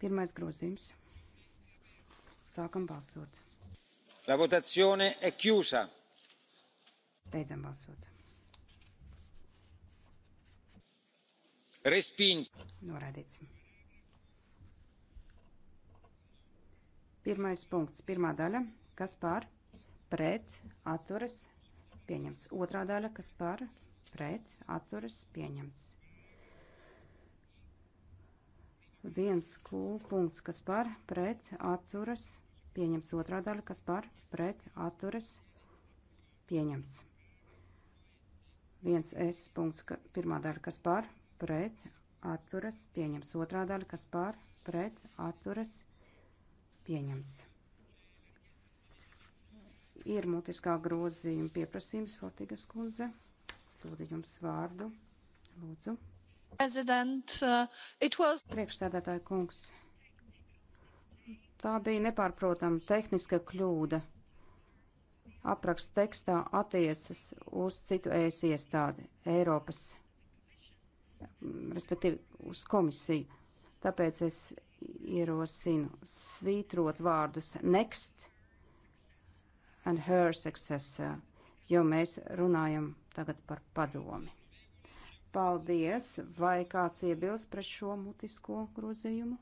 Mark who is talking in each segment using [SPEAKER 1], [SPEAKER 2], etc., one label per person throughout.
[SPEAKER 1] Pirmais grozījums. Sākam balsot.
[SPEAKER 2] La votazione è chiusa.
[SPEAKER 1] Beidzam balsot. Respin. Norādīts. Pirmais punkts, pirmā daļa, kas pār, pret, atturas, pieņemts. Otrā daļa, kas pār, pret, atturas, pieņemts viens Q punkts, kas par pret atturas pieņems otrā daļa, kas par pret atturas pieņems. viens S punkts, ka, pirmā daļa, kas par pret atturas pieņems otrā daļa, kas par pret atturas pieņems. Ir mutiskā grozījuma pieprasījums, Fortigas kundze. Tūdi jums vārdu. Lūdzu. Uh, was... Priekšstādātāja kungs, tā bija nepārprotama tehniska kļūda. Apraksts tekstā attiecas uz citu ēs iestādi Eiropas, respektīvi uz komisiju. Tāpēc es ierosinu svītrot vārdus next and her successor, jo mēs runājam tagad par padomi. Paldies! Vai kāds iebilst pret šo mutisko grozījumu?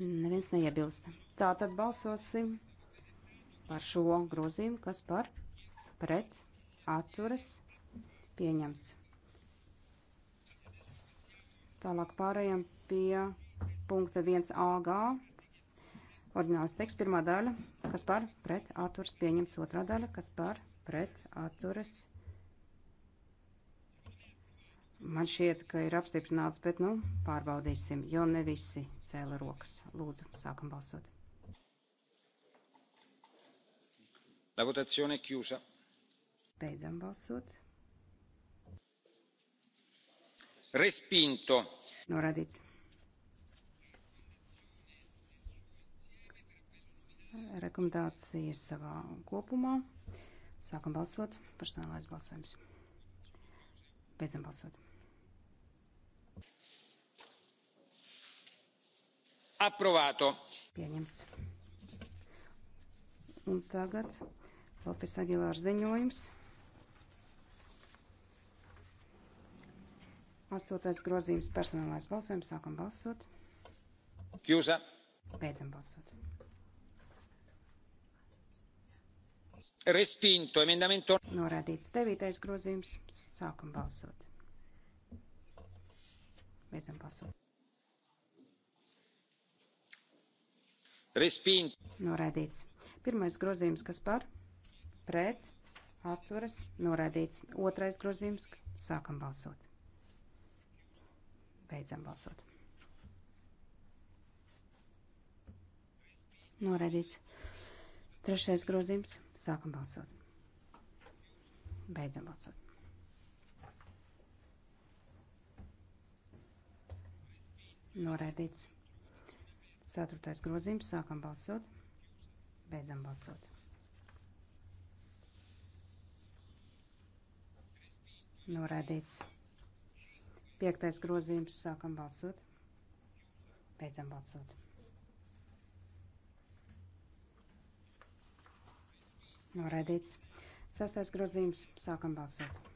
[SPEAKER 1] Neviens neiebilst. Tā tad balsosim par šo grozījumu, kas par pret atturas pieņems. Tālāk pārējām pie punkta 1AG. Ordinālis teksts pirmā daļa, kas par pret atturas pieņems otrā daļa, kas par pret atturas Man šķiet, ka ir apstiprināts, bet, nu, pārbaudīsim, jo ne visi cēla rokas. Lūdzu, sākam
[SPEAKER 2] balsot. La votazione è chiusa.
[SPEAKER 1] Beidzam balsot.
[SPEAKER 2] Respinto.
[SPEAKER 1] Norādīts. Rekomendācija ir savā kopumā. Sākam balsot. Personālais balsojums. Beidzam balsot.
[SPEAKER 2] Approvato.
[SPEAKER 1] Pieņemts. Un tagad Lopes Agilārs ziņojums. Astotais grozījums personālais balsojums. Sākam balsot. Kjūsa. Beidzam
[SPEAKER 2] balsot. Respinto emendamento. Norādīts devītais grozījums. Sākam balsot.
[SPEAKER 1] Beidzam balsot. Respīn. Norēdīts. Pirmais grozījums, kas par? Pret. Atturas. Norēdīts. Otrais grozījums. Sākam balsot. Beidzam balsot. Norēdīts. Trešais grozījums. Sākam balsot. Beidzam balsot. Norēdīts. Ceturtais grozījums. Sākam balsot. Beidzam balsot. Noraidīts. Piektais grozījums. Sākam balsot. Beidzam balsot. Noraidīts. Sastais grozījums. Sākam balsot.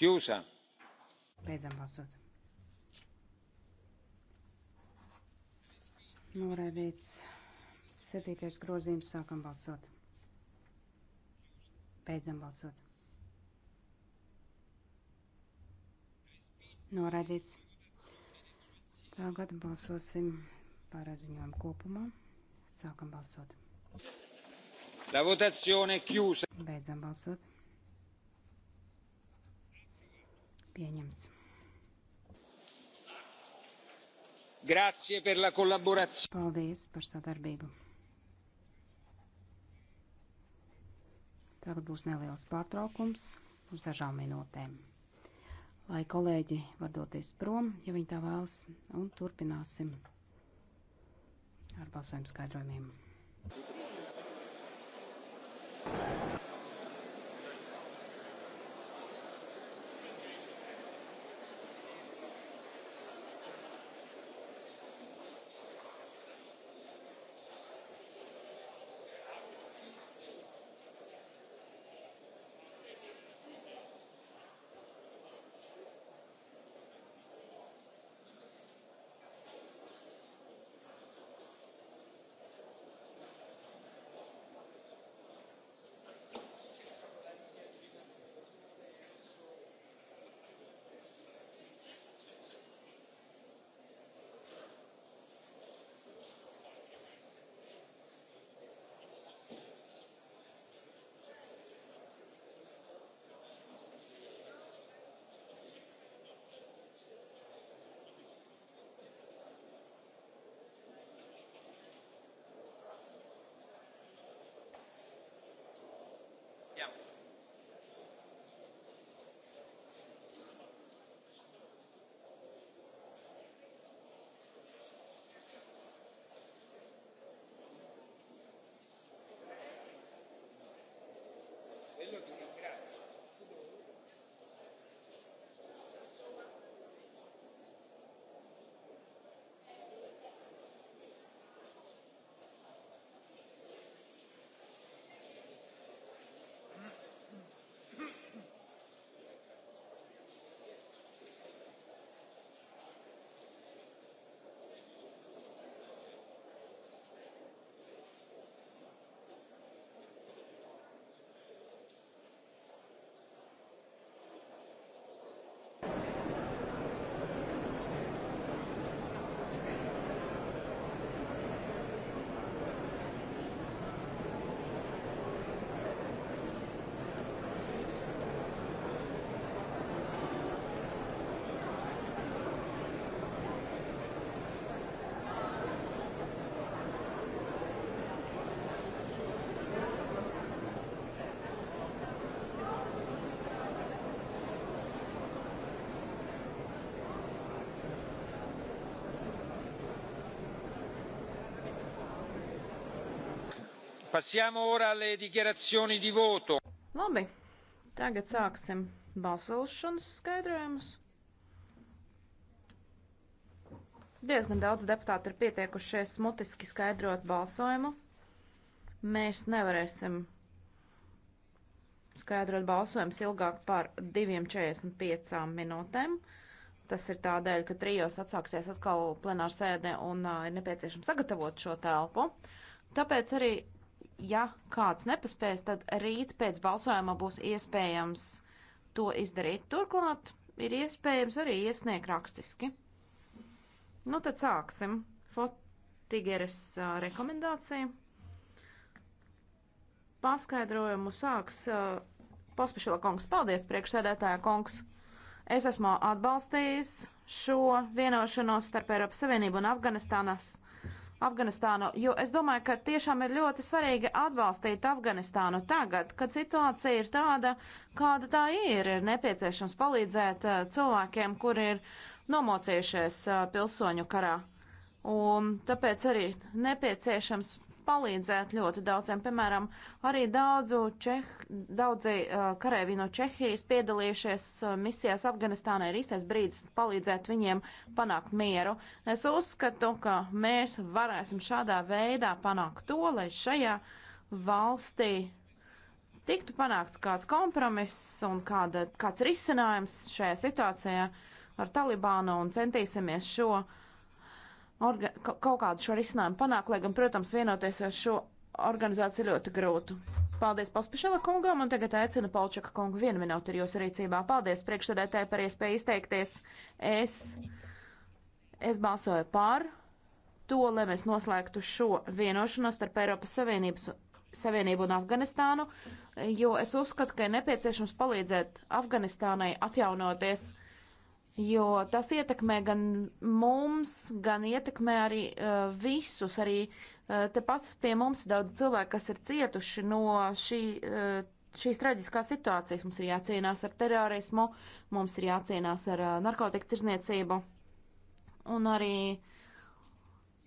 [SPEAKER 1] Kjūsa. Beidzam balsot. Noraidīts. Septītais grozījums. Sākam balsot. Beidzam balsot. Noraidīts. Tagad balsosim par ziņojumu kopumā. Sākam balsot.
[SPEAKER 2] La votazione chiusa.
[SPEAKER 1] Beidzam balsot. Pieņemts.
[SPEAKER 2] Grazie per la collaborazione. Paldies par sadarbību. Tagad būs
[SPEAKER 1] neliels pārtraukums uz dažām minūtēm, lai kolēģi var doties prom, ja viņi tā vēlas, un turpināsim ar balsojumu skaidrojumiem.
[SPEAKER 2] Thank you. Passiamo ora alle dichiarazioni di voto.
[SPEAKER 3] Labi, tagad sāksim balsošanas skaidrojumus. Diezgan daudz deputāti ir pieteikušies mutiski skaidrot balsojumu. Mēs nevarēsim skaidrot balsojums ilgāk par 2,45 minūtēm. Tas ir tādēļ, ka trijos atsāksies atkal plenāra sēde un uh, ir nepieciešams sagatavot šo telpu. Tāpēc arī ja kāds nepaspēs, tad rīt pēc balsojuma būs iespējams to izdarīt. Turklāt ir iespējams arī iesniegt rakstiski. Nu, tad sāksim. Fotigeres uh, rekomendācija. Paskaidrojumu sāks uh, Pospešila kungs. Paldies, priekšsēdētāja kungs. Es esmu atbalstījis šo vienošanos starp Eiropas Savienību un Afganistānas Afganistānu, jo es domāju, ka tiešām ir ļoti svarīgi atbalstīt Afganistānu tagad, kad situācija ir tāda, kāda tā ir. Ir nepieciešams palīdzēt uh, cilvēkiem, kuri ir nomocījušies uh, pilsoņu karā. Un tāpēc arī nepieciešams palīdzēt ļoti daudziem. Piemēram, arī daudzu Čeh, daudzi uh, karēvi no Čehijas piedalījušies uh, misijās Afganistānā. Ir īstais brīdis palīdzēt viņiem panākt mieru. Es uzskatu, ka mēs varēsim šādā veidā panākt to, lai šajā valstī tiktu panākts kāds kompromiss un kāda, kāds risinājums šajā situācijā ar Talibānu un centīsimies šo uh, orga, kaut kādu šo risinājumu panākt, lai gan, protams, vienoties ar šo organizāciju ļoti grūtu. Paldies Pospišela kungam un tagad aicinu Polčaka kungu vienu minūti ir jūsu rīcībā. Paldies priekšsēdētāji par iespēju izteikties. Es, es balsoju pār to, lai mēs noslēgtu šo vienošanos starp Eiropas Savienības Savienību un Afganistānu, jo es uzskatu, ka ir nepieciešams palīdzēt Afganistānai atjaunoties jo tas ietekmē gan mums, gan ietekmē arī uh, visus. Arī uh, eh, tepat pie mums ir daudz cilvēku, kas ir cietuši no šī, uh, šīs traģiskās situācijas. Mums ir jācīnās ar terorismu, mums ir jācīnās ar uh, narkotiku tirzniecību un arī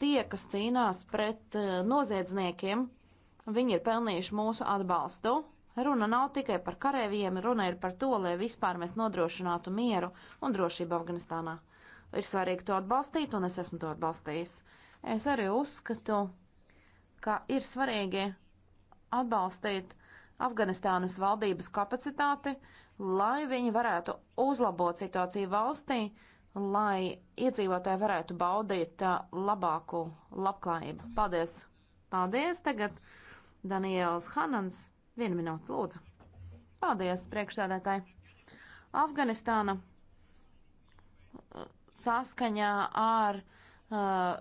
[SPEAKER 3] tie, kas cīnās pret uh, noziedzniekiem, viņi ir pelnījuši mūsu atbalstu. Runa nav tikai par karavīriem, runa ir par to, lai vispār mēs nodrošinātu mieru un drošību Afganistānā. Ir svarīgi to atbalstīt, un es esmu to atbalstījis. Es arī uzskatu, ka ir svarīgi atbalstīt Afganistānas valdības kapacitāti, lai viņi varētu uzlabot situāciju valstī, lai iedzīvotāji varētu baudīt uh, labāku labklājību. Paldies! Paldies! Tagad Daniels Hanans Vienu minūti, lūdzu. Paldies, priekšsēdētāji. Afganistāna uh, saskaņā ar uh,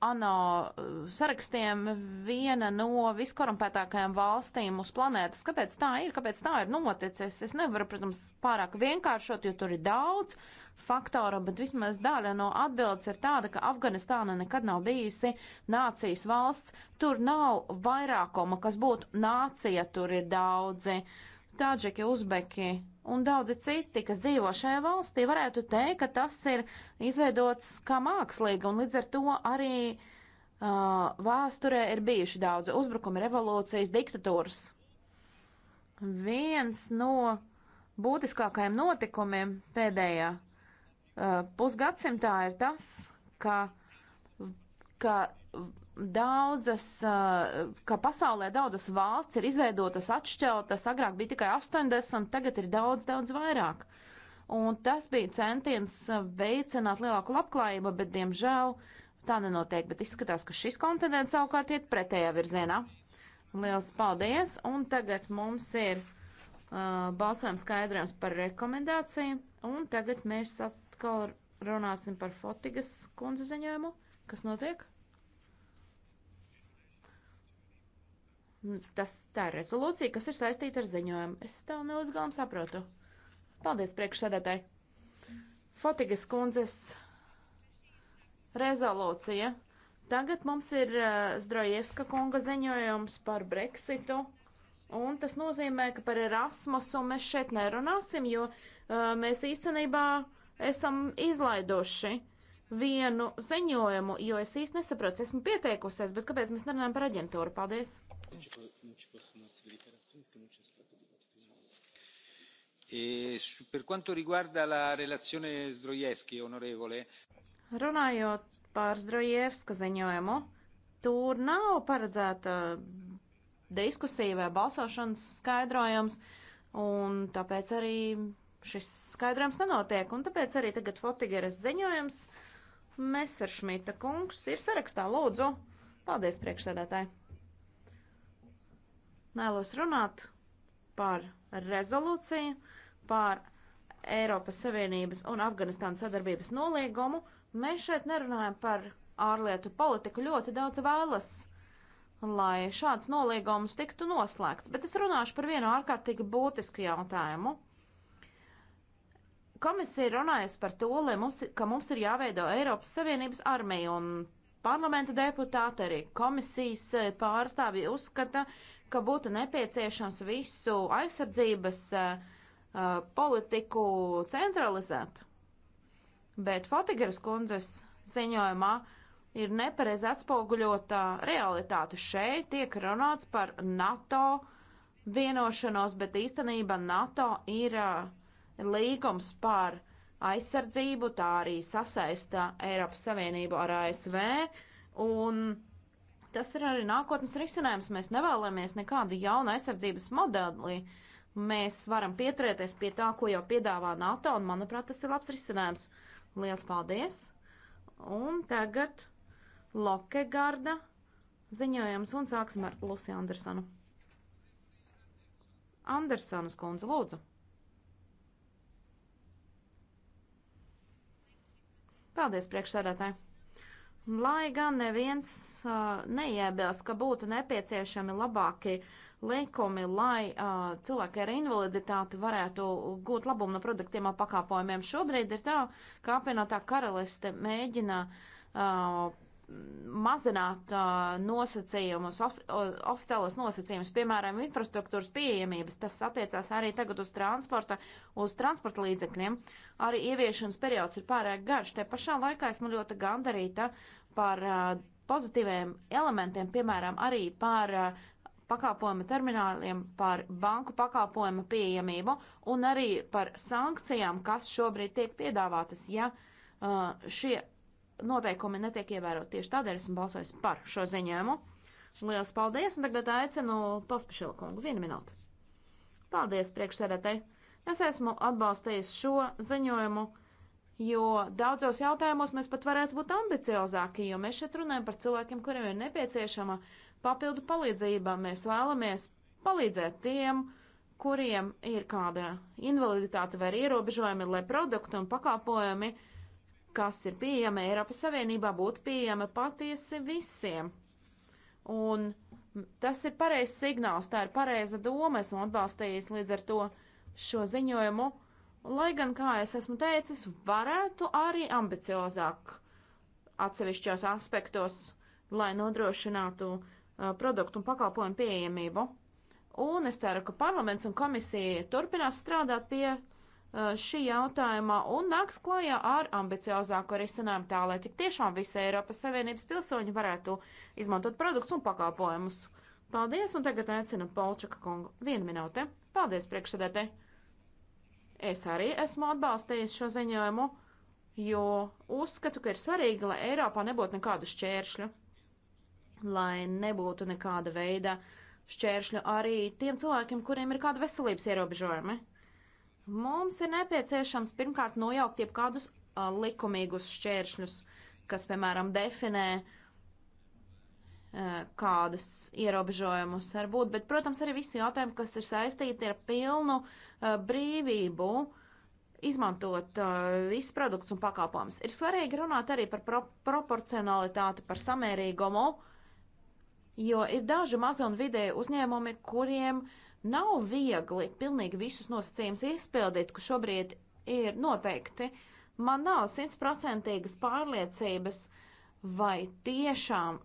[SPEAKER 3] ANO uh, sarakstiem viena no viskorumpētākajām valstīm uz planētas. Kāpēc tā ir? Kāpēc tā ir noticis? Es nevaru, protams, pārāk vienkāršot, jo tur ir daudz faktoru, bet vismaz daļa no atbildes ir tāda, ka Afganistāna nekad nav bijusi nācijas valsts. Tur nav vairākuma, kas būtu nācija, tur ir daudzi. Uh, Tāģiki, Uzbeki un daudzi citi, kas dzīvo šajā valstī, varētu teikt, ka tas ir izveidots kā mākslīgi, un līdz ar to arī uh, vēsturē ir bijuši daudzi uzbrukumi, revolūcijas, diktatūras. Viens no būtiskākajiem notikumiem pēdējā uh, pusgadsimtā ir tas, ka, ka daudzas, ka pasaulē daudzas valsts ir izveidotas atšķeltas, agrāk bija tikai 80, tagad ir daudz, daudz vairāk. Un tas bija centiens veicināt lielāku labklājību, bet, diemžēl, tā nenotiek, bet izskatās, ka šis kontinents savukārt iet pretējā virzienā. Liels paldies, un tagad mums ir uh, balsojums skaidrojums par rekomendāciju, un tagad mēs atkal runāsim par Fotigas kundze ziņojumu. Kas notiek? Mm, tas, tā ir rezolūcija, kas ir saistīta ar ziņojumu. Es tev nelīdz galam saprotu. Paldies priekšsēdētāji. Fotigas kundzes rezolūcija. Tagad mums ir uh, Zdrojevska kunga ziņojums par Brexitu. Un tas nozīmē, ka par Erasmusu mēs šeit nerunāsim, jo uh, mēs īstenībā esam izlaiduši vienu ziņojumu, jo es īsti nesaprotu, esmu pieteikusies, bet kāpēc mēs nerunājam par aģentūru? Paldies!
[SPEAKER 2] E, per quanto riguarda la relazione Zdrojevski, onorevole.
[SPEAKER 3] Runājot par Zdrojevska ziņojumu, tur nav paredzēta diskusija vai balsošanas skaidrojums, un tāpēc arī šis skaidrojums nenotiek, un tāpēc arī tagad Fotigeres ziņojums Meseršmita kungs ir sarakstā. Lūdzu, paldies priekšsēdētāji! Nēlos runāt par rezolūciju, par Eiropas Savienības un Afganistānas sadarbības nolīgumu. Mēs šeit nerunājam par ārlietu politiku. Ļoti daudz vēlas, lai šāds nolīgums tiktu noslēgts, bet es runāšu par vienu ārkārtīgi būtisku jautājumu. Komisija runājas par to, mums, ka mums ir jāveido Eiropas Savienības armija un parlamenta deputāti, arī komisijas eh, pārstāvji uzskata, ka būtu nepieciešams visu aizsardzības uh, politiku centralizēt. Bet Fotigeras kundzes ziņojumā ir nepareiz atspoguļota realitāte. Šeit tiek runāts par NATO vienošanos, bet īstenībā NATO ir uh, līgums par aizsardzību, tā arī sasaista Eiropas Savienību ar ASV, un Tas ir arī nākotnes risinājums. Mēs nevēlamies nekādu jaunu aizsardzības modeli. Mēs varam pieturēties pie tā, ko jau piedāvā NATO, un, manuprāt, tas ir labs risinājums. Lielas paldies! Un tagad Lokegarda ziņojums, un sāksim ar Lusi Andersonu. Andersonas kundze, lūdzu! Paldies, priekšsēdētāji! Lai gan neviens uh, neiebilst, ka būtu nepieciešami labāki likumi, lai uh, cilvēki ar invaliditāti varētu gūt labumu no produktiem un pakāpojumiem. Šobrīd ir tā, ka apvienotā karaliste mēģina uh, mazināt uh, nosacījumus, of, of oficiālos nosacījumus, piemēram, infrastruktūras pieejamības. Tas attiecās arī tagad uz transporta, uz transporta līdzekļiem. Arī ieviešanas periods ir pārāk garš. Te pašā laikā esmu ļoti gandarīta. Uh, par pozitīviem elementiem, piemēram, arī par pakalpojumu termināliem, par banku pakalpojumu pieejamību un arī par sankcijām, kas šobrīd tiek piedāvātas, ja šie noteikumi netiek ievērot. Tieši tādēļ esmu balsojis par šo ziņojumu. Lielas paldies, un tagad aicinu Pospišilu kungu vienu minūtu. Paldies, priekšsēdētāji! Es esmu atbalstījis šo ziņojumu Jo daudzos jautājumos mēs pat varētu būt ambiciozāki, jo mēs šeit runājam par cilvēkiem, kuriem ir nepieciešama papildu palīdzība. Mēs vēlamies palīdzēt tiem, kuriem ir kāda invaliditāte vai ierobežojumi, lai produkti un pakalpojumi, kas ir pieejami Eiropas Savienībā, būtu pieejami patiesi visiem. Un tas ir pareizs signāls, tā ir pareiza doma, esmu atbalstījis līdz ar to šo ziņojumu Lai gan, kā es esmu teicis, varētu arī ambiciozāk atsevišķos aspektos, lai nodrošinātu uh, produktu un pakalpojumu pieejamību. Un es ceru, ka parlaments un komisija turpinās strādāt pie uh, šī jautājuma un nāks klajā ar ambiciozāku risinājumu tā, lai tik tiešām visi Eiropas Savienības pilsoņi varētu izmantot produktus un pakalpojumus. Paldies, un tagad aicinu Polčaka kungu. Vienu minūte. Paldies, priekšsēdētāji! Es arī esmu atbalstījis šo ziņojumu, jo uzskatu, ka ir svarīgi, lai Eiropā nebūtu nekādu šķēršļu, lai nebūtu nekāda veida šķēršļu arī tiem cilvēkiem, kuriem ir kāda veselības ierobežojumi. Mums ir nepieciešams pirmkārt nojaukt jebkādus uh, likumīgus šķēršļus, kas, piemēram, definē uh, kādus ierobežojumus var būt, bet, protams, arī visi jautājumi, kas ir saistīti ar pilnu Eh, brīvību izmantot eh, visus produktus un pakalpojumus. Ir svarīgi runāt arī par pro proporcionalitāti, par samērīgumu, jo ir daži mazi un vidēji uzņēmumi, kuriem nav viegli pilnīgi visus nosacījumus izpildīt, kas šobrīd ir noteikti. Man nav simtprocentīgas pārliecības, vai tiešām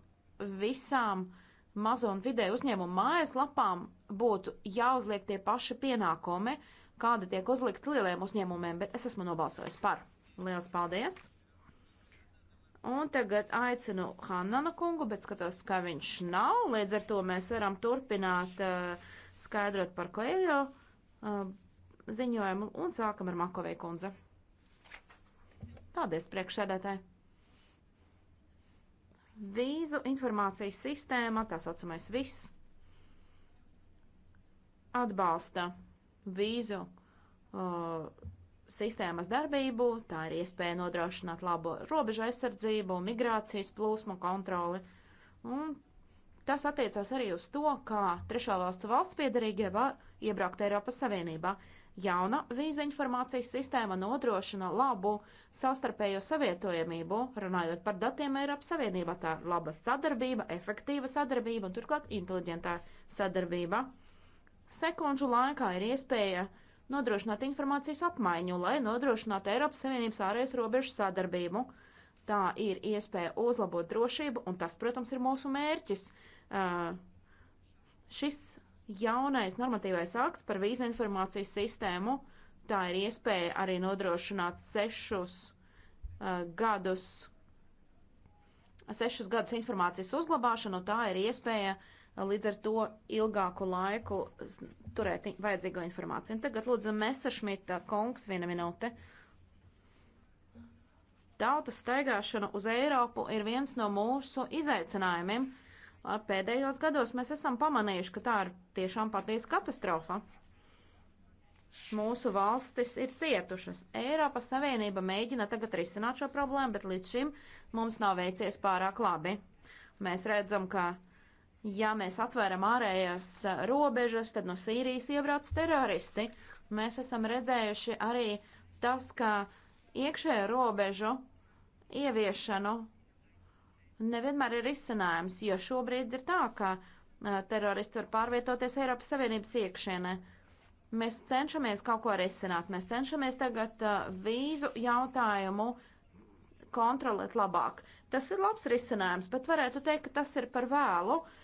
[SPEAKER 3] visām mazo un vidēju uzņēmumu mājaslapām būtu jāuzliek tie paši pienākumi, kāda tiek uzlikt lieliem uzņēmumiem, bet es esmu nobalsojis par. Liels paldies! Un tagad aicinu Hannanu kungu, bet skatos, ka viņš nav, līdz ar to mēs varam turpināt uh, skaidrot par Koeļo uh, eh, ziņojumu un sākam ar Makovei kundze. Paldies, priekšsēdētāji! Vīzu informācijas sistēma, tā saucamais viss atbalsta vīzu uh, sistēmas darbību, tā ir iespēja nodrošināt labu robežu aizsardzību, migrācijas plūsmu kontroli. Un tas attiecās arī uz to, kā trešo valstu valsts piedarīgie var iebraukt Eiropas Savienībā. Jauna vīza informācijas sistēma nodrošina labu savstarpējo savietojamību, runājot par datiem Eiropas Savienībā. Tā ir laba sadarbība, efektīva sadarbība un turklāt inteliģentā sadarbība sekundžu laikā ir iespēja nodrošināt informācijas apmaiņu, lai nodrošinātu Eiropas Savienības ārējas robežu sadarbību. Tā ir iespēja uzlabot drošību, un tas, protams, ir mūsu mērķis. Uh, šis jaunais normatīvais akts par vīzu informācijas sistēmu, tā ir iespēja arī nodrošināt sešus uh, gadus, sešus gadus informācijas uzglabāšanu, tā ir iespēja uh, līdz ar to ilgāku laiku turēt vajadzīgo informāciju. Un tagad lūdzu Messeršmita kungs viena minūte. Tautas staigāšana uz Eiropu ir viens no mūsu izaicinājumiem. Pēdējos gados mēs esam pamanījuši, ka tā ir tiešām patiesa katastrofa. Mūsu valstis ir cietušas. Eiropas Savienība mēģina tagad risināt šo problēmu, bet līdz šim mums nav veicies pārāk labi. Mēs redzam, ka uh, Ja mēs atvēram ārējās robežas, tad no Sīrijas iebrauc teroristi. Mēs esam redzējuši arī tas, ka iekšējo robežu ieviešanu nevienmēr ir izcinājums, jo šobrīd ir tā, ka uh, teroristi var pārvietoties Eiropas Savienības iekšienē. Mēs cenšamies kaut ko risināt, mēs cenšamies tagad uh, vīzu jautājumu kontrolēt labāk. Tas ir labs risinājums, bet varētu teikt, ka tas ir par vēlu. Uh,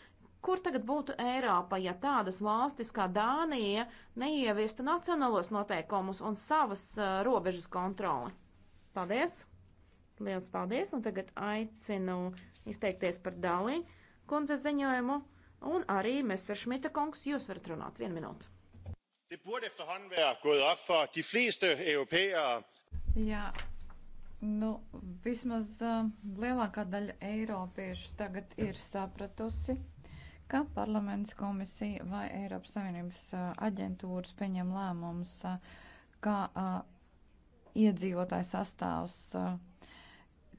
[SPEAKER 3] Kur tagad būtu Eiropa, ja tādas valstis kā Dānija neieviestu nacionālos noteikumus un savas uh, robežas kontroli? Paldies! Liels paldies! Un tagad aicinu izteikties par Dālī kundze ziņojumu. Un arī Mr. Šmita kungs, jūs varat runāt vienu minūtu. Jā, nu,
[SPEAKER 4] vismaz uh, lielākā daļa eiropiešu tagad ir sapratusi, ka parlaments komisija vai Eiropas Savienības aģentūras pieņem lēmumus, kā iedzīvotāju sastāvs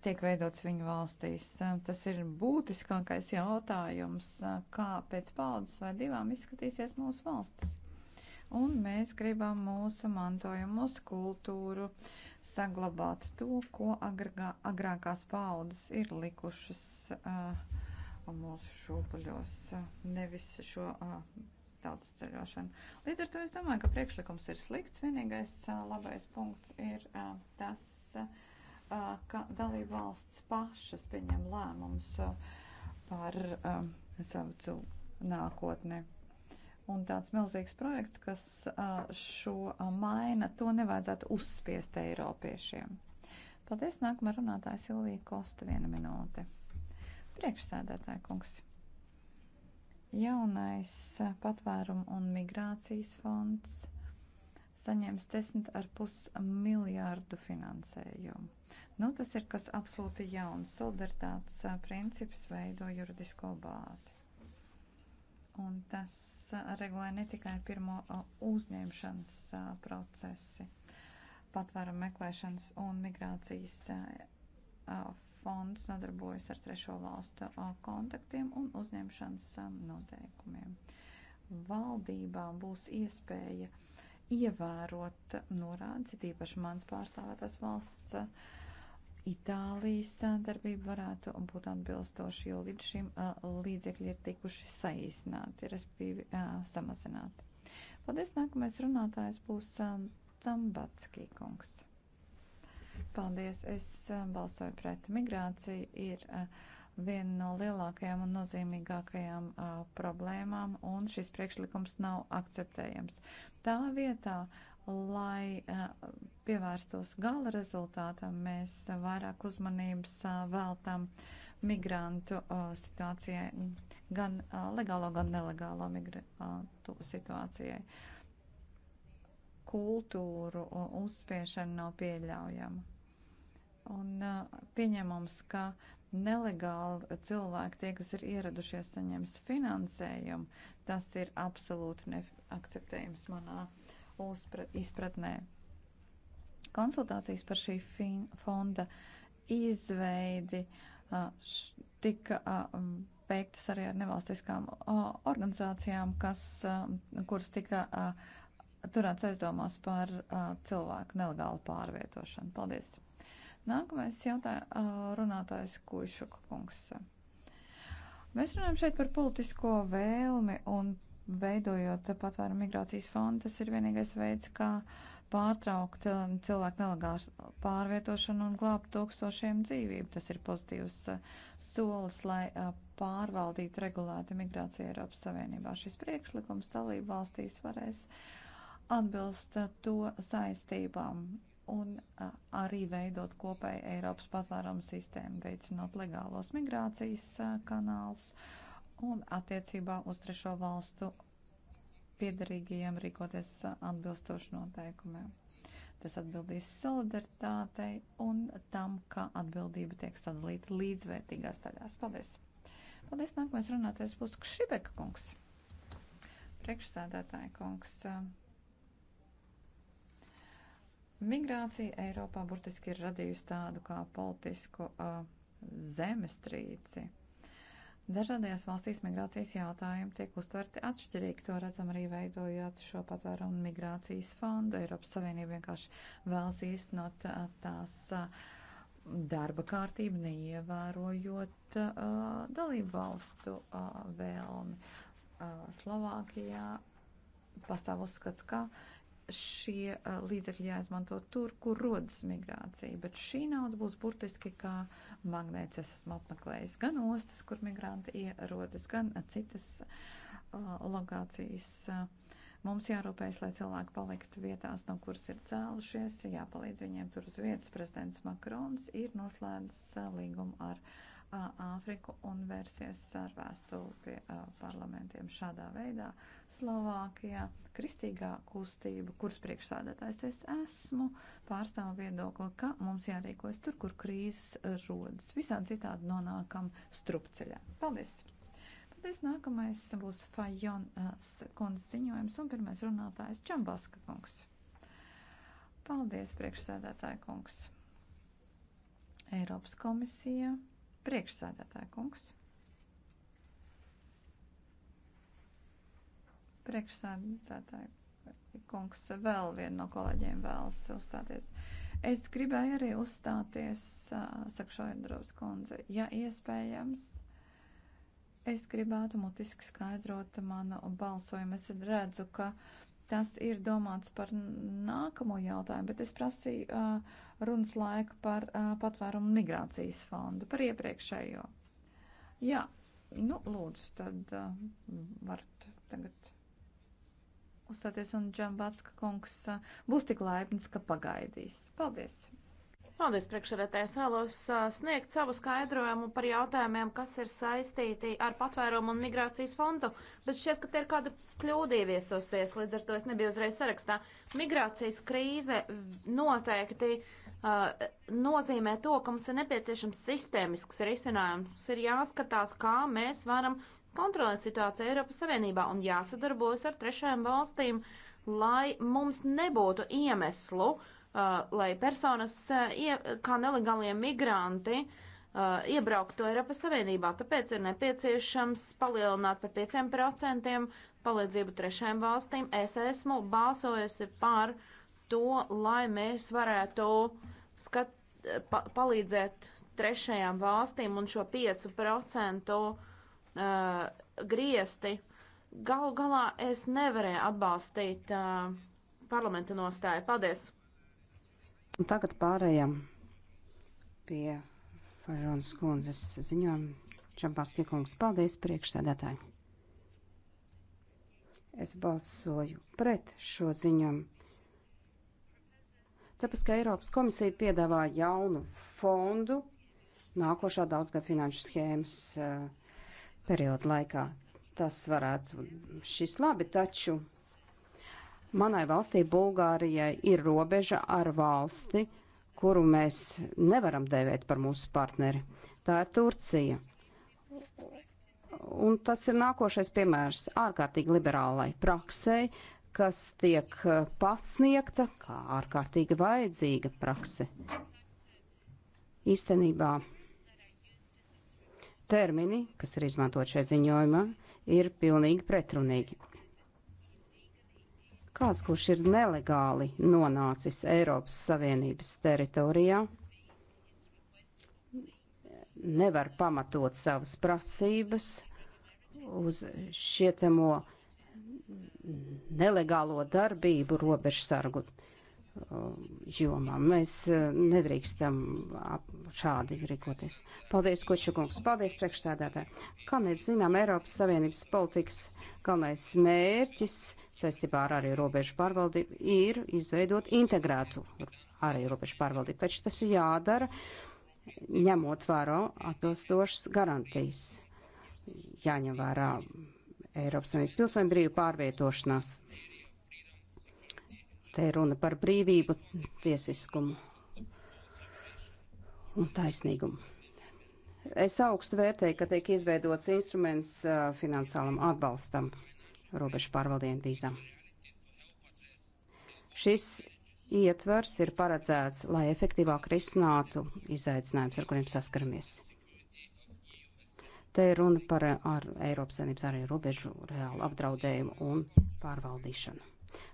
[SPEAKER 4] tiek veidots viņu valstīs. Tas ir būtiskākais jautājums, kā pēc paudzes vai divām izskatīsies mūsu valstis. Un mēs gribam mūsu mantojumu, mūsu kultūru saglabāt to, ko agrā, agrākās paudzes ir likušas uh, nosakumos šūpuļos, nevis šo uh, tautas ceļošanu. Līdz ar to es domāju, ka priekšlikums ir slikts. Vienīgais uh, labais punkts ir uh, tas, uh, ka dalība valsts pašas pieņem lēmums uh, par uh, savu cūku nākotni un tāds milzīgs projekts, kas šo maina, to nevajadzētu uzspiest Eiropiešiem. Paldies, nākamā runātāja Silvija Kosta, viena minūte. Priekšsēdētāja kungs. Jaunais patvērumu un migrācijas fonds saņems 10,5 miljārdu finansējumu. Nu, tas ir kas absolūti jauns. Solidaritātes princips veido juridisko bāzi. Un tas regulē ne tikai pirmo uzņemšanas procesi, patvērumu meklēšanas un migrācijas fonds nodarbojas ar trešo valstu kontaktiem un uzņemšanas noteikumiem. Valdībām būs iespēja ievērot norādes, it īpaši mans pārstāvētās valsts. Itālijas darbība varētu būt atbilstoša, jo līdz šim līdzekļi ir tikuši saīsināti, respektīvi samazināti. Paldies, nākamais runātājs būs Zambatskī kungs. Paldies. Es eh, balsoju pret. Migrācija ir eh, viena no lielākajām un nozīmīgākajām eh, problēmām, un šis priekšlikums nav akceptējams. Tā vietā, lai pievērstos gala rezultātam, mēs vairāk uzmanības veltam migrantu situācijai, gan legālo, gan nelegālo migrantu situācijai. Kultūru uzspiešana nav pieļaujama. Un uh, pieņemums, ka nelegāli cilvēki, tie, kas ir ieradušies, saņems finansējumu, tas ir absolūti neakceptējums manā izpratnē. Konsultācijas par šī fonda izveidi uh, tika uh, um, veiktas arī ar nevalstiskām organizācijām, kas, um, kuras tika turēts aizdomās par cilvēku nelegālu pārvietošanu. Paldies! Nākamais jautājums runātājs Kuišuka kungs. Mēs runājam šeit par politisko vēlmi un veidojot patvēru migrācijas fondu, tas ir vienīgais veids, kā pārtraukt cilvēku nelegālu pārvietošanu un glābt tūkstošiem dzīvību. Tas ir pozitīvs solis, lai pārvaldītu regulētu migrāciju Eiropas Savienībā. Šis priekšlikums dalību valstīs varēs atbilst to saistībām un a, arī veidot kopēju Eiropas patvērumu sistēmu, veicinot legālos migrācijas a, kanāls un attiecībā uz trešo valstu piederīgajiem rīkoties a, atbilstoši noteikumiem. Tas atbildīs solidaritātei un tam, ka atbildība tiek sadalīta līdzvērtīgās daļās. Paldies! Paldies! Nākamais runātais būs Kšibeka kungs. Priekšsēdētāja kungs. Uh, Migrācija Eiropā burtiski ir radījusi tādu kā politisku uh, zemestrīci. Dažādajās valstīs migrācijas jautājumi tiek uztverti atšķirīgi. To redzam arī veidojot šo patvērumu un migrācijas fondu. Eiropas Savienība vienkārši vēlas īstenot uh, tās uh, darba kārtību, neievērojot uh, dalību valstu uh, vēlmi. Uh, Slovākijā pastāv uzskats, ka šie līdzekļi jāizmanto tur, kur rodas migrācija, bet šī nauda būs burtiski kā magnēts. Es esmu apmeklējis gan ostas, kur migranti ierodas, gan citas uh, lokācijas. Mums jārūpējas, lai cilvēki paliktu vietās, no kuras ir cēlušies, jāpalīdz viņiem tur uz vietas. Prezidents Makrons ir noslēdzis līgumu ar uh, Āfriku un vērsies ar vēstuli pie parlamentiem šādā veidā. Slovākijā kristīgā kustība, kuras priekšsādātājs es esmu, pārstāv viedokli, ka mums jārīkojas tur, kur krīzes rodas. Visādi citādi nonākam strupceļā. Paldies! Paldies! Nākamais būs Fajonas kundzes ziņojums un pirmais runātājs Čambaska kungs. Paldies, priekšsēdētāja kungs! Eiropas komisija Priekšsēdētāja kungs. Priekšsēdētāja kungs vēl viena no kolēģiem vēlas uzstāties. Es gribēju arī uzstāties, saka Šoidrovs kundze, ja iespējams. Es gribētu mutiski skaidrot manu balsojumu. Es redzu, ka uh, Tas ir domāts par nākamo jautājumu, bet es prasīju uh, runas laiku par uh, patvērumu migrācijas fondu, par iepriekšējo. Jā, nu, lūdzu, tad uh, varat tagad uzstāties un Džambatska kungs uh, būs tik laipns, ka pagaidīs. Paldies!
[SPEAKER 3] Paldies, priekšsēdētājs. Vēlos sniegt savu skaidrojumu par jautājumiem, kas ir saistīti ar patvērumu un migrācijas fondu, bet šķiet, ka te ir kāda kļūda ieviesosies, līdz ar to es nebiju uzreiz sarakstā. Migrācijas krīze noteikti uh, nozīmē to, ka mums ir nepieciešams sistēmisks risinājums. Ir jāskatās, kā mēs varam kontrolēt situāciju Eiropas Savienībā un jāsadarbojas ar trešajām valstīm, lai mums nebūtu iemeslu uh, Uh, lai personas, uh, kā nelegālie migranti, uh, iebrauktu Eiropas Savienībā. Tāpēc ir nepieciešams palielināt par 5% palīdzību trešajām valstīm. Es esmu balsojusi par to, lai mēs varētu skat, pa, palīdzēt trešajām valstīm un šo 5% uh, griesti. Galu galā es nevarēju atbalstīt uh, parlamenta nostāju. Paldies!
[SPEAKER 1] Un tagad pārējām pie Fažonas kundzes ziņojuma. Čambāski kungs, paldies priekšsēdētāji. Es balsoju pret šo ziņojumu. Tāpēc, ka Eiropas komisija piedāvā jaunu fondu nākošā daudzgad finanšu schēmas uh, eh, periodu laikā. Tas varētu šis labi, taču Manai valstī Bulgārijai ir robeža ar valsti, kuru mēs nevaram dēvēt par mūsu partneri. Tā ir Turcija. Un tas ir nākošais piemērs ārkārtīgi liberālai praksei, kas tiek eh, pasniegta kā ārkārtīgi vajadzīga prakse. Īstenībā termini, kas ir izmantot šajā ziņojumā, ir pilnīgi pretrunīgi Kāds, kurš ir nelegāli nonācis Eiropas Savienības teritorijā, nevar pamatot savas prasības uz šietamo nelegālo darbību robežsargu jomā. Mēs e, nedrīkstam šādi rīkoties. Paldies, Kočakungs. Paldies, priekšstādātāji. Kā mēs zinām, Eiropas Savienības politikas galvenais mērķis saistībā ar arī robežu pārvaldību ir izveidot integrētu arī robežu pārvaldību. Taču tas ir jādara, ņemot vērā atbilstošas garantijas. Jāņem vērā Eiropas Savienības pilsoņu brīvu pārvietošanās. Te ir runa par brīvību, tiesiskumu un taisnīgumu. Es augstu vērtēju, ka tiek izveidots instruments uh, finansālam atbalstam robežu pārvaldiem vīzām. Šis ietvers ir paredzēts, lai efektīvāk risinātu izaicinājumus, ar kuriem saskaramies. Te ir runa par ar Eiropas Savienības arī robežu reālu apdraudējumu un pārvaldīšanu.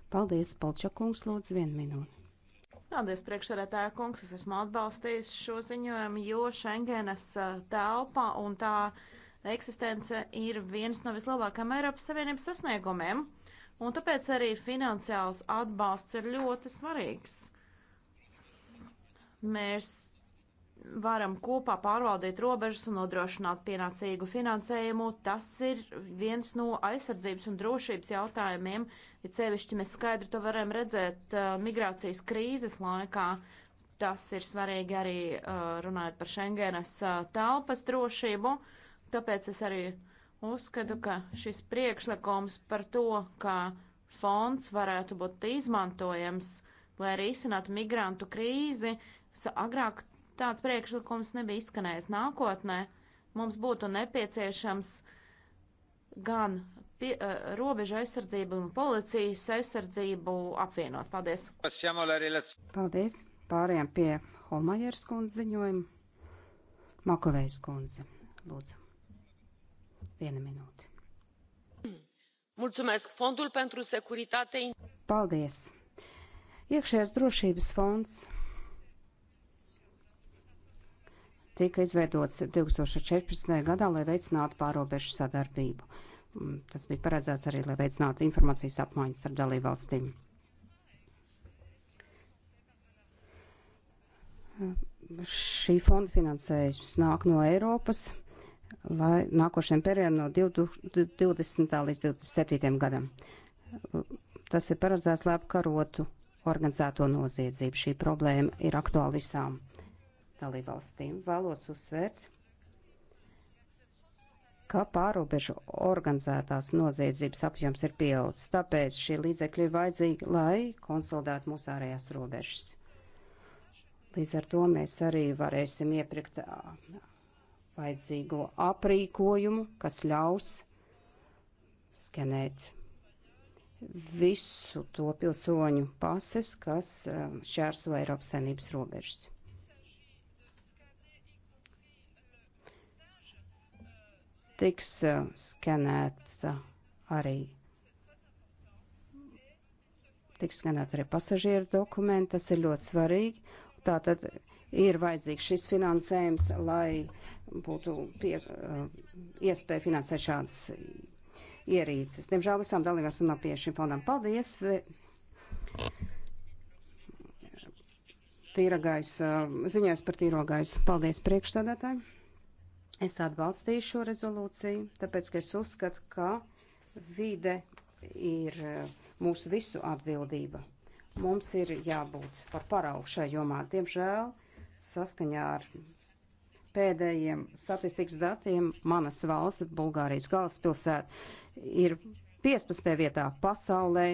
[SPEAKER 1] Paldies, Polčakungs, lūdzu, vienu minūti.
[SPEAKER 3] Paldies, priekšsēdētāja kungs, es esmu atbalstījis šo ziņojumu, jo Schengenas telpa un tā eksistence ir viens no vislielākajiem Eiropas Savienības sasniegumiem, un tāpēc arī finansiāls atbalsts ir ļoti svarīgs. Mēs varam kopā pārvaldīt robežas un nodrošināt pienācīgu finansējumu. Tas ir viens no aizsardzības un drošības jautājumiem Ir sevišķi mēs skaidri to varam redzēt uh, migrācijas krīzes laikā. Tas ir svarīgi arī uh, runājot par Schengenas uh, telpas drošību. Tāpēc es arī uzskatu, ka šis priekšlikums par to, ka fonds varētu būt izmantojams, lai arī izsinātu migrantu krīzi, agrāk tāds priekšlikums nebija izskanējis nākotnē, mums būtu nepieciešams gan pie, uh, eh, robeža aizsardzību un policijas aizsardzību apvienot. Paldies!
[SPEAKER 1] Paldies! Pārējām pie Holmajeras kundze ziņojuma. Makovejas kundze, lūdzu. Viena minūte.
[SPEAKER 3] Mulțumesc! Fondul pentru securitate.
[SPEAKER 1] Paldies! Iekšējās drošības fonds tika izveidots 2014. gadā, lai veicinātu pārobežu sadarbību. Tas bija paredzēts arī, lai veicinātu informācijas apmaiņas starp dalībvalstīm. Šī fonda finansējums nāk no Eiropas, lai nākošajam periodam no 20. līdz 27. gadam. Tas ir paredzēts, lai apkarotu organizēto noziedzību. Šī problēma ir aktuāla visām dalībvalstīm. Vēlos uzsvērt ka pārobežu organizētās noziedzības apjoms ir pieaudzis. Tāpēc šie līdzekļi ir vajadzīgi, lai konsolidētu mūsu ārējās robežas. Līdz ar to mēs arī varēsim iepirkt vajadzīgo aprīkojumu, kas ļaus skenēt visu to pilsoņu pases, kas šķērso Eiropas saimnības robežas. tiks eh, skenēta arī. Tiks skanēt arī pasažieru dokumenti, tas ir ļoti svarīgi. Tātad ir vajadzīgs šis finansējums, lai būtu pie, eh, iespēja finansēt šādas ierīces. Diemžēl visām dalībvalstīm nav pie šim fondam. Paldies! Tīra gaisa, ziņās par tīro gaisu. Paldies priekšstādātājiem! Es atbalstīju šo rezolūciju, tāpēc, ka es uzskatu, ka vide ir eh, mūsu visu atbildība. Mums ir jābūt par paraugu šai jomā. Diemžēl saskaņā ar pēdējiem statistikas datiem manas valsts, Bulgārijas galvaspilsēta, ir 15. vietā pasaulē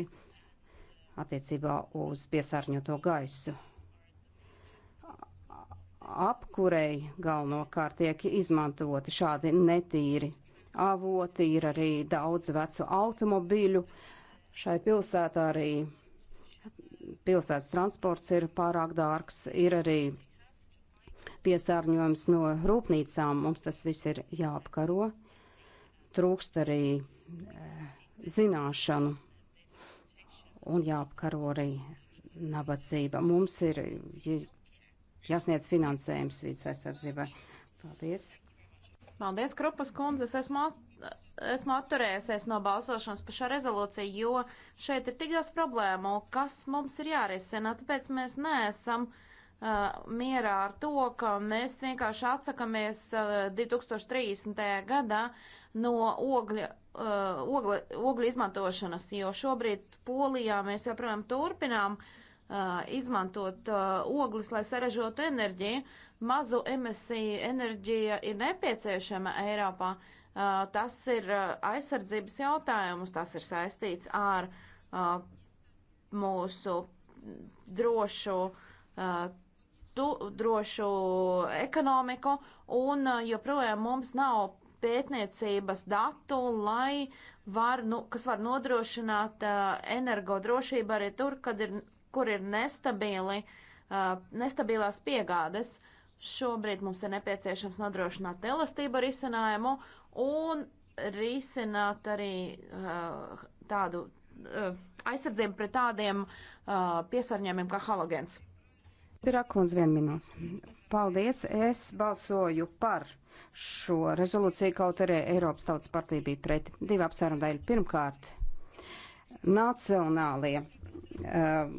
[SPEAKER 1] attiecībā uz piesārņoto gaisu apkurei galvenokārt tiek izmantoti šādi netīri avoti, ir arī daudz vecu automobīļu. Šai pilsētā arī pilsētas transports ir pārāk dārgs, ir arī piesārņojums no rūpnīcām, mums tas viss ir jāapkaro. Trūkst arī eh, zināšanu un jāapkaro arī nabadzība. Mums ir jāsniedz finansējums vidas aizsardzībai. Paldies!
[SPEAKER 3] Paldies, Krupas kundze! Es esmu, at, esmu atturējusies no balsošanas par šo rezolūciju, jo šeit ir tik daudz problēmu, kas mums ir jārisina, tāpēc mēs neesam uh, mierā ar to, ka mēs vienkārši atsakamies uh, 2030. gadā no ogļa uh, ogla, ogļu izmantošanas, jo šobrīd Polijā mēs joprojām turpinām uh, izmantot ogles, lai saražotu enerģiju. Mazu emisiju enerģija ir nepieciešama Eiropā. Tas ir aizsardzības jautājums, tas ir saistīts ar mūsu drošu tu, drošu ekonomiku, un joprojām mums nav pētniecības datu, lai var, nu, kas var nodrošināt uh, energodrošību arī tur, kad ir kur ir nestabili, uh, nestabilās piegādes. Šobrīd mums ir nepieciešams nodrošināt elastību risinājumu un risināt arī uh, tādu uh, aizsardzību pret tādiem uh, piesārņojumiem kā halogēns.
[SPEAKER 1] Pirakons vien minūs. Paldies, es balsoju par šo rezolūciju, kaut arī Eiropas Tautas partija bija pret divu apsvērumu daļu. Pirmkārt, nacionālie um,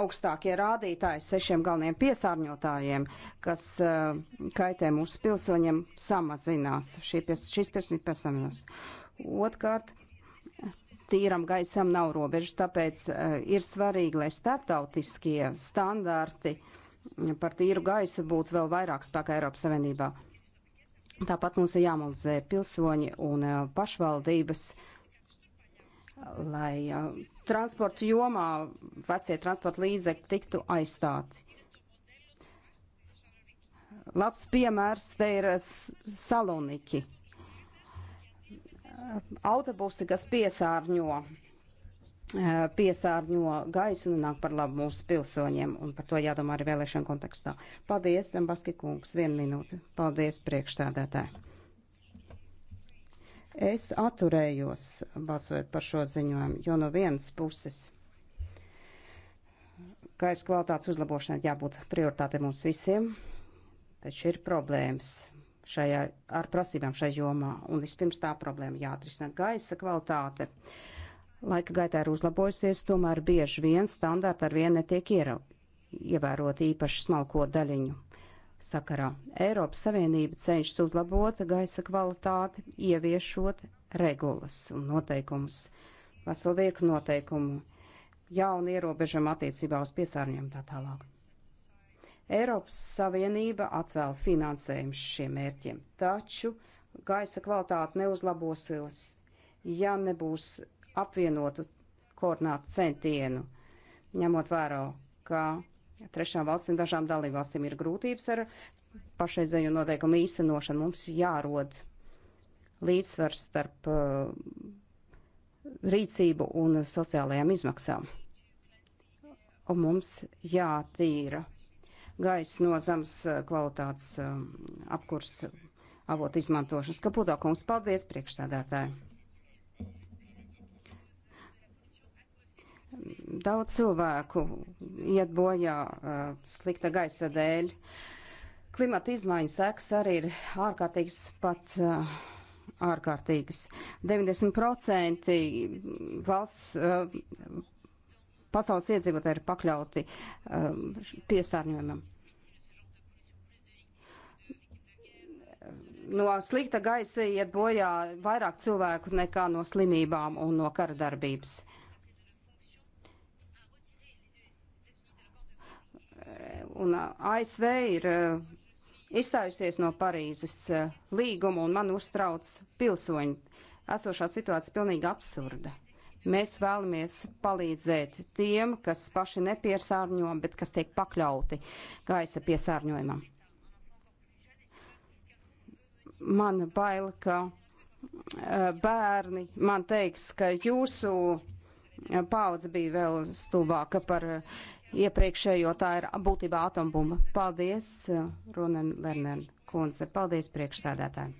[SPEAKER 1] augstākie rādītāji sešiem galvenajiem piesārņotājiem, kas uh, kaitē mūsu pilsoņiem, samazinās. Šī, pies, šis pilsoņi pasaminās. Otkārt, tīram gaisam nav robežas, tāpēc uh, ir svarīgi, lai starptautiskie standarti par tīru gaisu būtu vēl vairāk spēkā Eiropas Savienībā. Tāpat mums ir jāmalizē pilsoņi un uh, pašvaldības. Uh, lai uh, transporta jomā vecie transporta līdzekļi tiktu aizstāti. Labs piemērs te ir Saloniki. Autobusi, kas piesārņo, eh, piesārņo gaisu un nāk par labu mūsu pilsoņiem, un par to jādomā arī vēlēšana kontekstā. Paldies, Zambaski kungs, vienu minūti. Paldies, priekšsēdētāji. Es atturējos balsojot par šo ziņojumu, jo no vienas puses gaisa kvalitātes uzlabošanai jābūt prioritāte mums visiem, taču ir problēmas šajā, ar prasībām šajā jomā, un vispirms tā problēma jāatrisina gaisa kvalitāte. Laika gaitā ir uzlabojusies, tomēr bieži vien standārti ar vienu netiek ievēroti īpaši smalko daļiņu sakarā. Eiropas Savienība cenšas uzlabot gaisa kvalitāti, ieviešot regulas un noteikumus, veselu virkni noteikumu, jaunu ierobežumu attiecībā uz piesārņojumu tā tālāk. Eiropas Savienība atvēl finansējumu šiem mērķiem, taču gaisa kvalitāte neuzlabosies, ja nebūs apvienotu koordinātu centienu, ņemot vērā, ka trešām valstīm, dažām dalībvalstīm ir grūtības ar pašreizējo noteikumu īstenošanu. Mums jārod līdzsvars starp uh, rīcību un sociālajām izmaksām. Un mums jātīra gaisa no zemes uh, kvalitātes uh, um, apkurs avotu izmantošanas. Kaputā kungs, paldies priekšsēdētāji! Daudz cilvēku iet bojā uh, slikta gaisa dēļ. Klimata izmaiņas sekas arī ir ārkārtīgas, pat uh, ārkārtīgas. 90% valsts. Uh, Pasaules iedzīvotāji ir pakļauti um, uh, piesārņojumam. No slikta gaisa iet bojā vairāk cilvēku nekā no slimībām un no kara darbības. Uh, Un ASV ir izstājusies no Parīzes līguma un man uztrauc pilsoņu. Esošā situācija pilnīgi absurda. Mēs vēlamies palīdzēt tiem, kas paši nepiesārņo, bet kas tiek pakļauti gaisa piesārņojumam. Man bail, ka bērni man teiks, ka jūsu paudze bija vēl stulbāka par iepriekšējo, tā ir būtībā atombumba. Paldies, Runen Lernen kundze, paldies priekšsēdētājiem.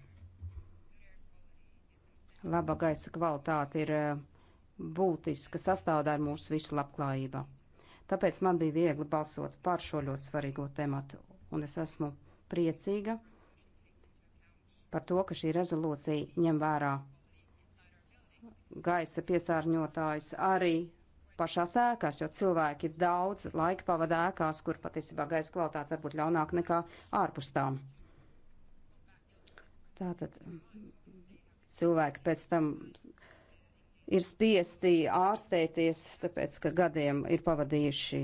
[SPEAKER 1] Laba gaisa kvalitāte ir eh, būtiska sastāvdaļa mūsu visu labklājībā. Tāpēc man bija viegli balsot par šo ļoti svarīgo tematu, un es esmu priecīga par to, ka šī rezolūcija ņem vērā gaisa piesārņotājus arī pašās ēkās, jo cilvēki daudz laika pavada ēkās, kur patiesībā gaisa kvalitāte varbūt ļaunāk nekā ārpus tām. Tātad cilvēki pēc tam ir spiesti ārstēties, tāpēc, ka gadiem ir pavadījuši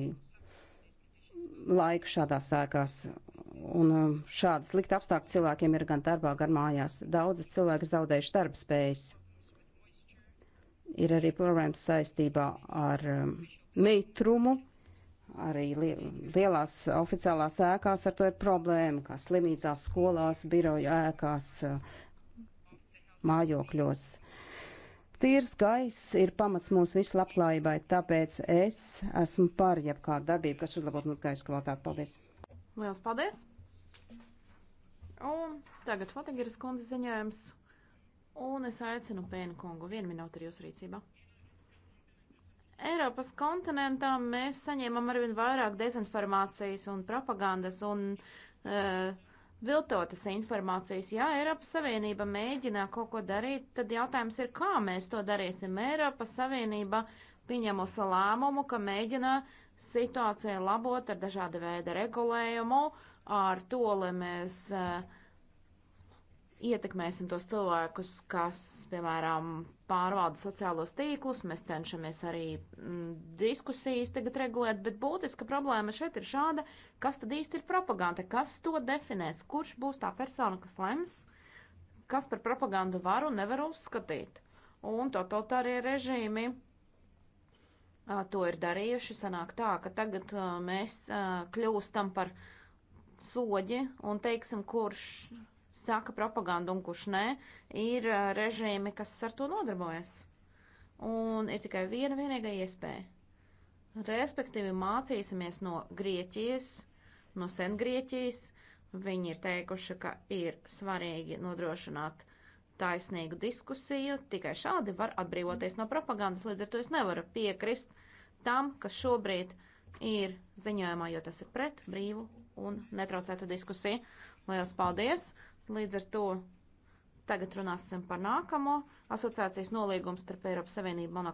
[SPEAKER 1] laiku šādās sēkās. Un um, šādi slikti apstākļi cilvēkiem ir gan darbā, gan mājās. Daudzi cilvēki zaudējuši darba spējas. Ir arī problēmas saistībā ar um, mitrumu, arī li lielās oficiālās ēkās ar to ir problēma, kā slimnīcās, skolās, biroju ēkās, uh, mājokļos. Tīrs gaiss ir pamats mūsu visu labklājībai, tāpēc es esmu par jebkādu darbību, kas uzlabotu mūsu gaisa kvalitāti. Paldies!
[SPEAKER 3] Lielas paldies! Un tagad Fatigeras kundze ziņojums Un es aicinu Pēnu kungu. Vienu minūti ir jūsu rīcība. Eiropas kontinentā mēs saņēmam arvien vairāk dezinformācijas un propagandas un uh, viltotas informācijas. Ja Eiropas Savienība mēģina kaut ko darīt, tad jautājums ir, kā mēs to darīsim. Eiropas Savienība pieņemusi lēmumu, ka mēģina situāciju labot ar dažādu veidu regulējumu, ar to, lai mēs uh, ietekmēsim tos cilvēkus, kas, piemēram, pārvalda sociālos tīklus. Mēs cenšamies arī mm, diskusijas tagad regulēt, bet būtiska problēma šeit ir šāda, kas tad īsti ir propaganda, kas to definēs, kurš būs tā persona, kas lems, kas par propagandu var un nevar uzskatīt. Un totalitārie režīmi a, to ir darījuši. Sanāk tā, ka tagad a, mēs a, kļūstam par soģi un teiksim, kurš saka propagandu un kurš nē, ir režīmi, kas ar to nodarbojas. Un ir tikai viena vienīga iespēja. Respektīvi mācīsimies no Grieķijas, no Sengrieķijas. Viņi ir teikuši, ka ir svarīgi nodrošināt taisnīgu diskusiju, tikai šādi var atbrīvoties no propagandas, līdz ar to es nevaru piekrist tam, kas šobrīd ir ziņojumā, jo tas ir pret brīvu un netraucētu diskusiju. Lielas paldies! Līdz ar to tagad runāsim par nākamo asociācijas nolīgumu starp Eiropas Savienību Monako.